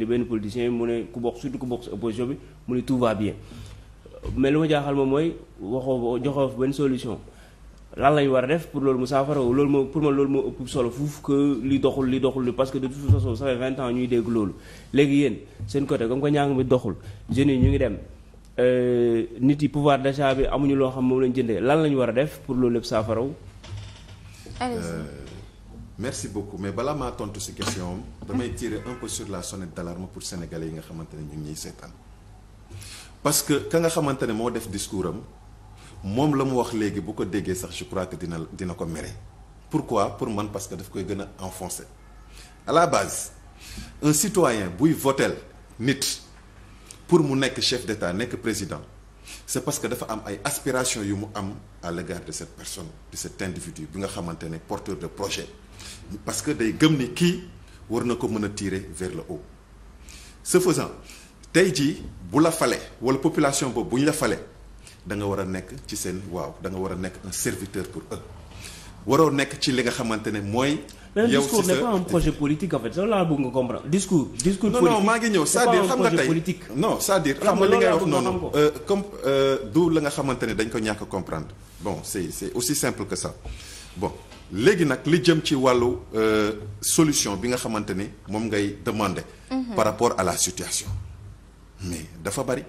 ni benn politicien mu ne ku bokk surtout ku bokk si opposition bi mu ne tout va bien mais lu ma jaaxal moom mooy waxoo joxoo benn solution lan lañ war a def pour loolu mu saafara loolu moo pour man loolu moo ëpp solo fuuf que li doxul li doxul li parce que de toute façon ça fait vingt ans ñuy dégg loolu léegi yéen seen côté comme que ñaang mi doxul jeunes yi ñu ngi dem euh, nit yi pouvoir d'achat bi amuñu loo xam moom lañ jëndee lan lañ war a def pour loolu lépp saafaraw merci beaucoup mais balaa maa tontu si question am. damay tirer un peu sur la pour sénégalais yi nga ne ñu ngi ñuy parce que ka nga xamante ne moo def discours am moom la mu wax léegi bu ko déggee sax je crois que dina dina ko mere. pourquoi pour man parce que daf koy gën a enfoncer à la base un citoyen buy votel nit pour mu nekk chef d'état nekk président c'est parce que dafa am ay aspirations yu mu am à l'égard de cette personne de cet individu bi nga xamante ne porteur de projet. parce que day gëm ni kii war na ko mën a tiire vers le haut ce faisant tey jii bu la fale wala population boobu bu ñu la fale da nga war a nekk ci seen waaw da nga war a nekk un serviteur pour eux waroo nekk ci li nga xamante ne mooy. yow discours n'est pas projet politique en fait loolu laa bëgg nga comprendre discours. discours politique maa ngi ñëw c'est-à-dire xam nga tey non c'est-à-dire xam nga li ngay wax noonu euh, comme euh, du la nga xamante ne dañ ko ñàkk comprendre bon c'est c'est aussi simple que sax bon. léegi nag li jëm ci wàllu euh, solution bi nga xamante ni moom ngay demander. Mhm. par rapport à la situation mais dafa bari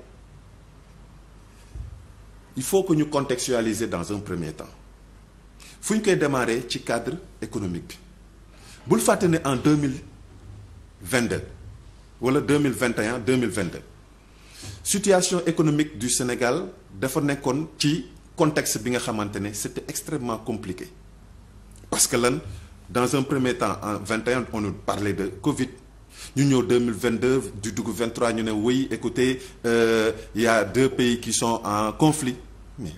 il faut que ñu contextualiser dans un premier temps fu ñu koy démarrer ci cadre économique bi bul fàtte ne en deux mille vingt deux wala deux mille vingt deux mille vingt situation économique du Sénégal dafa nekkoon ci contexte bi nga xamante ne c'était extrêmement compliqué. parce que lan dans un premier temps en vingt 21 on nous parlait de Covid ñu ñëw 2022 du dugg 23 ñu ne oui écoutez euh, il y a deux pays qui sont en conflit mais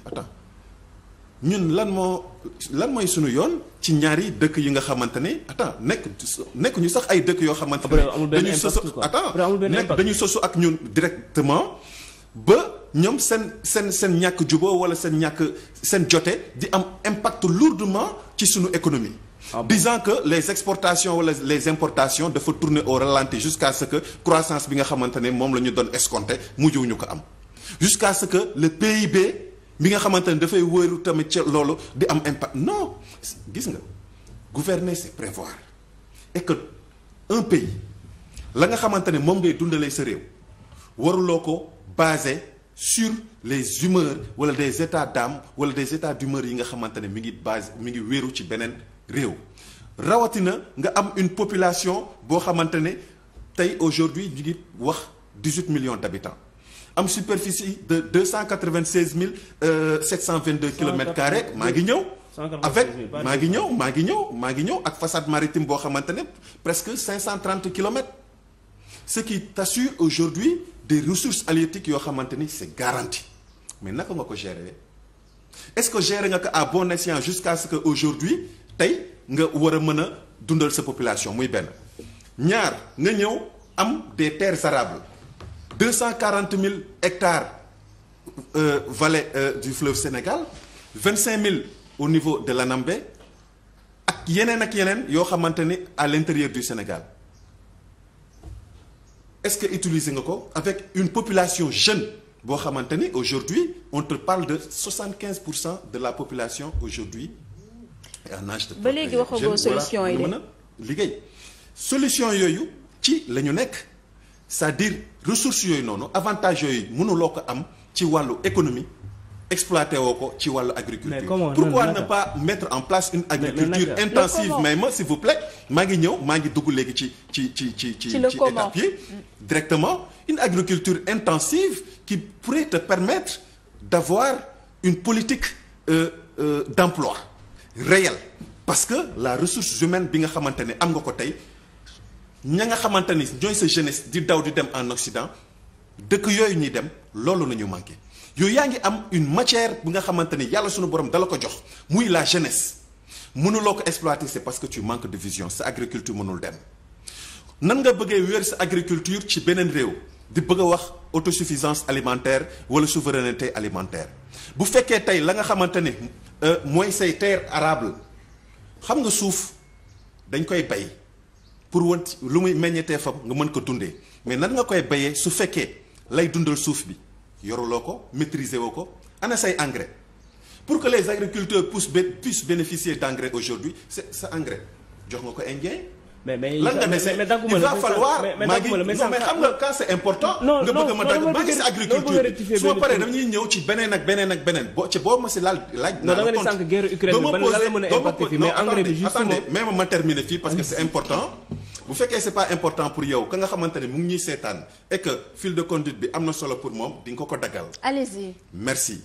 ñun lan moo lan mooy sunu yoon ci ñaari dëkk yi nga xamante ne attends nekk nekk ñu sax ay dëkk yoo xamante ne dañu sosu attends nekk dañu sosu ak ñun directement ba ñoom seen seen seen ñàkk jubo wala seen ñàkk seen jote di am impact lourdement ci suñu économie Ah que les exportations wala les importations dafa tourner au ralenti jusqu'à ce que croissance bi nga xamante ne moom la ñu doon escompté mujjewuñu ko am jusqu'à ce que le PIB bi nga xamante ne dafay wëru tamit ci loolu di am impact non gis nga gouverner c'est prévoir et que un pays la nga xamante ne moom ngay dundalee sa réew waruloo ko basé sur les humeurs wala des états d'âme wala des états d'humeur yi nga xamante ne mi ngi base mi ngi wéeru ci beneen réew rawatina nga am une population boo xamante ne tey aujourd'hui ñu ngi wax 18 millions d'habitants am superficie de 296 mille 722 euh, kilomètres carrés maa ngi ñëw avec maa ngi ñëw maa ngi ñëw maa ngi ñëw ak façade maritime boo xamante ne presque 530 kilomètres ce qui t'assure aujourd'hui des ressources halieutiques yoo xamante ni c'est garanti mais naka nga ko gérer est-ce que gérer nga ko à bon escient jusqu'à ce que aujourd'hui tey nga war a mën a dundal sa population muy benn ñaar nga ñëw am des terres arables deux cent quarante mille hectares euh, vallée euh, du fleuve Sénégal vingt cinq mille au niveau de l'Anambé ak yeneen ak yeneen yoo xamante ni à l'intérieur du Sénégal est-ce que utiliser nga ko avec une population jeune boo xamante ni aujourd'hui on te parle de 75 pour cent de la population aujourd'hui en âge de ba léegi waxagoo solution yi de mën a liggéey solution yooyu ci la ñu nekk c'est-à-dire ressources yooyu noonu avantages yooyu mënuloo ko am ci wàllu économie exploité woo ko ci wàllu agriculture. Comment, pourquoi non, ne pas mettre en place une agriculture mais, intensive mais ma s'il vous plaît maa ngi ñëw maa ngi dugg léegi ci ci ci ci ci ci étape yi directement une agriculture intensive qui pourrait te permettre d'avoir une politique euh, euh, d'emploi réelle parce que la ressource humaine bi nga xamante ne am nga ko tey ña nga xamante ni ñooy sa jeunesse di daw di dem en Occident dëkk yooyu ñuy dem loolu la ñu manqué yooyu yaa ngi am une matière bu nga xamante ni yàlla suñu borom dala ko jox muy la jeunesse mënuloo ko exploiter c'est parce que tu manques de vision sa agriculture mënul dem nan nga bëggee wér sa agriculture ci beneen réew di bëgg a wax autosuffisance alimentaire wala souveraineté alimentaire bu fekkee tey la nga xamante ni euh, mooy say terre arable xam nga suuf dañ koy bay pour wan lu muy meññetee fa nga mën ko dundee mais nan nga koy bayee su fekkee lay dundal suuf bi yoruloo ko maîtriser woo ko ana say engrais pour que les agriculteurs puissent puissent bénéficier d' engrais aujourd'hui c'est sa engrais jox nga ko indien mais mais lan nga ne mais mais dagguma la il va falloir maa ngi mais xam nga quand c'est important. nga bëgg ma dagg maa ngi si agriculture bi su ma paree dañuy ñëw ci beneen ak beneen ak beneen boo ci boo ma si laal laaj. naa la compte non da nga ne sànq guerre Ukraine bi ban lan la mën a impacté fii mais engrais bi juste ma terminer fii parce que c'est important. bu fekkee c'est pas important pour yow ka nga xamante ne mu ngi ñuy seetaan et que fil de conduite bi am na solo pour moom di nga ko ko daggal. allez-y merci.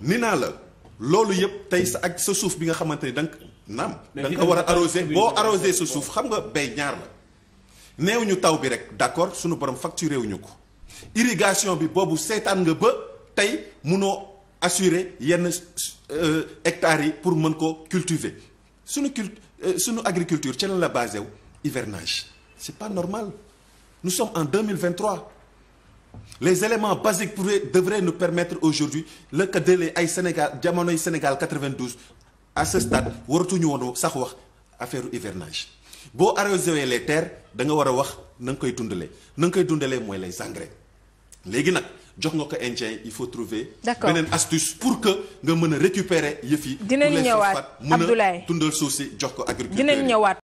ni naa la loolu yëpp tey sa ak sa suuf bi nga xamante ni da naam. da ko war a arrosé boo arrosé sa suuf xam nga bay ñaar la. neew ñu taw bi rek d'accord suñu borom facturé wu ñu ko irrigation bi boobu seetaan nga ba tey munoo assurer yenn euh, hectares yi pour mën ko cultiver suñu cult euh, suñu agriculture ci la basé wu. hivernage c'est pas normal nous sommes en 2023 les éléments basiques pour devraient nous permettre aujourd'hui le lëkkale ay Sénégal jamonoy Sénégal 92 à ce stade waratuñu woon sax wax affaire hivernage boo arrosé les terres da nga war a wax nanga koy dundalee na nga koy dundalee mooy lay engrais léegi nag jox nga ko indien il faut trouver. d'accord beneen astuce pour que nga mën a récupérer yëf yi. dinañ ñëwaat Abdoulaye mën a dundal suuf si jox ko agriculture dinañ ñëwaat.